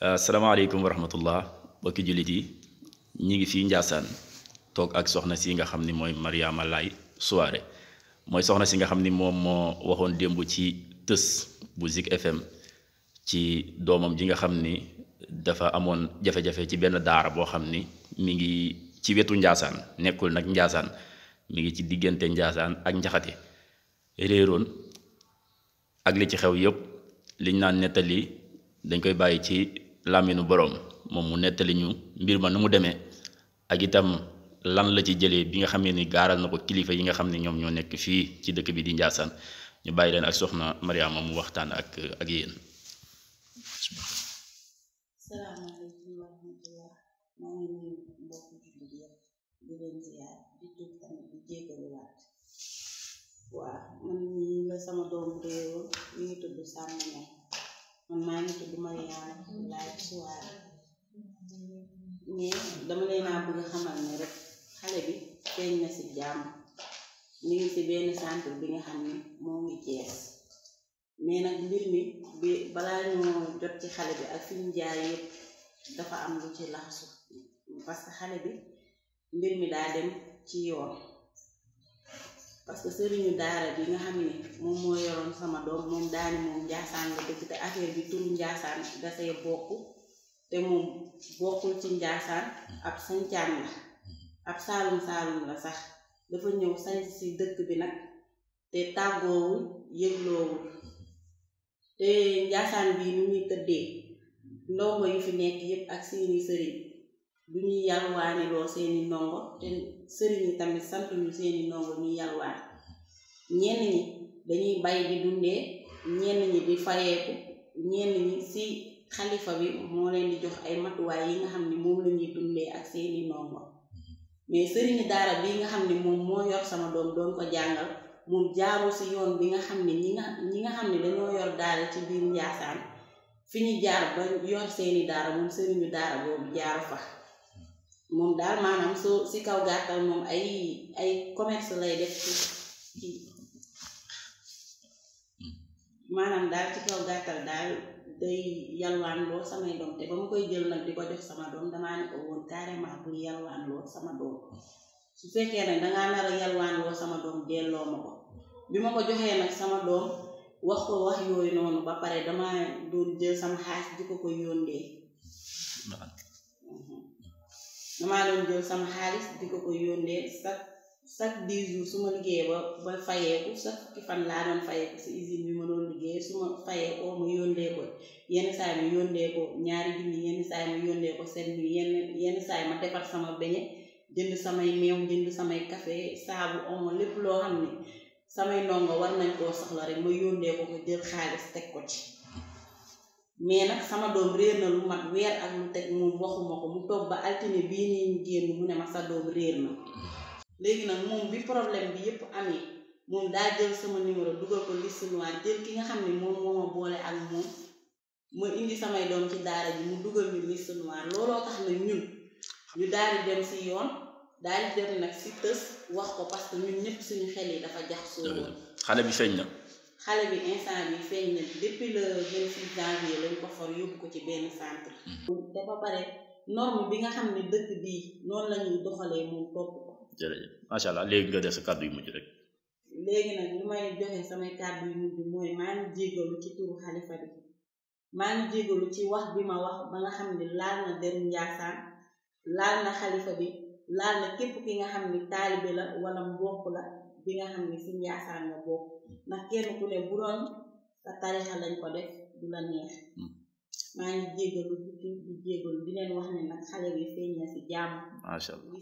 Euh, asalaamaaleykum wa rahmatullah mbokki jullit yi ñi ngi fi Njaasaan toog ak soxna si nga xam ni mooy Mariama Laye Souaré mooy soxna si nga xam ni moom moo waxoon démb ci tës bu Zik FM ci doomam ji nga xam ni dafa amoon jafe-jafe ci benn daara boo xam ni mi ngi ci wetu Njaasaan nekkul nag Njaasaan mi ngi ci diggante Njaasaan ak Njaxate réeroon ak li ci xew yëpp liñ naan nettali dañ koy bàyyi ci laminu borom mom mu netali ñu mbir ma nu mu ak itam lan la ci jëlee bi nga xamé ni garal nako kilifa yi nga xamné ñom ñoo nekk fi ci dëkk bi di ndiasan ñu bayi leen ak soxna mariam mu waxtaan ak ak yeen wa man la sama doom ñu man maa ngi tudd Mariama Laye Souare mais dama leen a bëgg xamal ne rek xale bi feeñ na ci jàmm ñu ngi si benn centre bi nga xam ne moo ngi Cees mais nag mbir mi bi balaa ñu jot ci xale bi ak fi ñu jaar dafa am lu ci laxasu parce que xale bi mbir mi daa dem ci yoon parce que sëriñu daara bi nga xam ne moom moo yoroon sama doom moom daani moom njaasaan la dëkk te affaire bi turu njaasaan dasee bokk te moom bokkul ci njaasaan ab sancaan la ab saalum saalum la sax dafa ñëw sañ si dëkk bi nag te tàggoowul yëgloowul te njaasaan bii ni muy tëddee ndongo yu fi nekk yëpp ak seeni sëriñ du ñuy yalwaani loo seeni ndongo te sëriñ tamit sant ñu seeni ndongo ñuy yalwaani ñenn ñi dañuy bay di dundee ñenn ñi di fayeeku ñenn ñi ci xalifa bi moo di jox ay matuwaay yi nga xam ne moom la ñuy ak seeni ndongo bi nga xam moo yor sama doom doon ko jàngal moom jaaru ci yoon bi nga xam ne ñi nga ñi nga xam ne dañoo yor daara ci biir Njaasaan fi ñu jaar ba yor seeni daara moom sëriñu daara boobu jaaru fa moom daal maanaam soo si kaw gàttal moom ay ay commerce lay def ci maanaam daal ci kaw gàttal daal day yalwaan loo samay doom te ba mu koy jël nag di ko jox sama doom damaa ne ko yalwaan loo sama doom su fekkee a yalwaan loo sama ma ko bi ma ko joxee nag sama doom wax ko wax yooyu noonu ba pare dama doon jël sama xaalis di ko ko yónnee damaa doon jël sama xaalis di ko ko yónnee chaque chaque dix su ma liggéeyee ba ba fayeeku chaque fukki fan laa doon fayeeku si usine bi ma doon liggéeyee su ma fayeekoo ma ma yónnee ko yenn saay ma yónnee ko seen bi yenn saay ma defar sama beñe jënd samay meew jënd samay café saabu omo lépp loo xam ne samay ndongo war nañ koo soxla rek ma yónnee ko ko jël xaalis teg ko ci mais nag sama doom réer na lu mat weer ak mu teg moom waxuma ko mu toog ba altine bii nii génn mu ne ma sa doom réer na léegi nag moom bi problème bi yépp amee moom daa jël sama numéro dugal ko liste noire jël ki nga xam ne moom moo ma boole ak moom ma indi samay doom ci daara ji mu dugal ñu liste noire looloo tax na ñun ñu daal di dem si yoon daal di dem nag si tës wax ko parce que ñun ñëpp suñu xel yi dafa jax soo xale bi feeñ na xale bi instant bi feeñ na depuis le vingt six janvier lañ ko for yóbbu ko ci benn centre dafa mm-hmm. bare norme bi nga xam ne dëkk bii noonu la ñuy doxalee moom topp ko jërëjëf macha allah léegi nga def ngi ci turu xalifa bi maa ngi ci wax bi ma wax ba nga xam ne laal na deru Njaasaan laal na xalifa bi laal na képp ki nga xam ne taalibe la wala mbokk la bi nga xam ne si njaasaan nga bokk ndax kenn ku ne bu sa tarixa lañ ko def du la neex hmm. maa ngi jégalu tuuti di jégalu di leen wax ne nag xale bi feeñ na si jàmm macha allah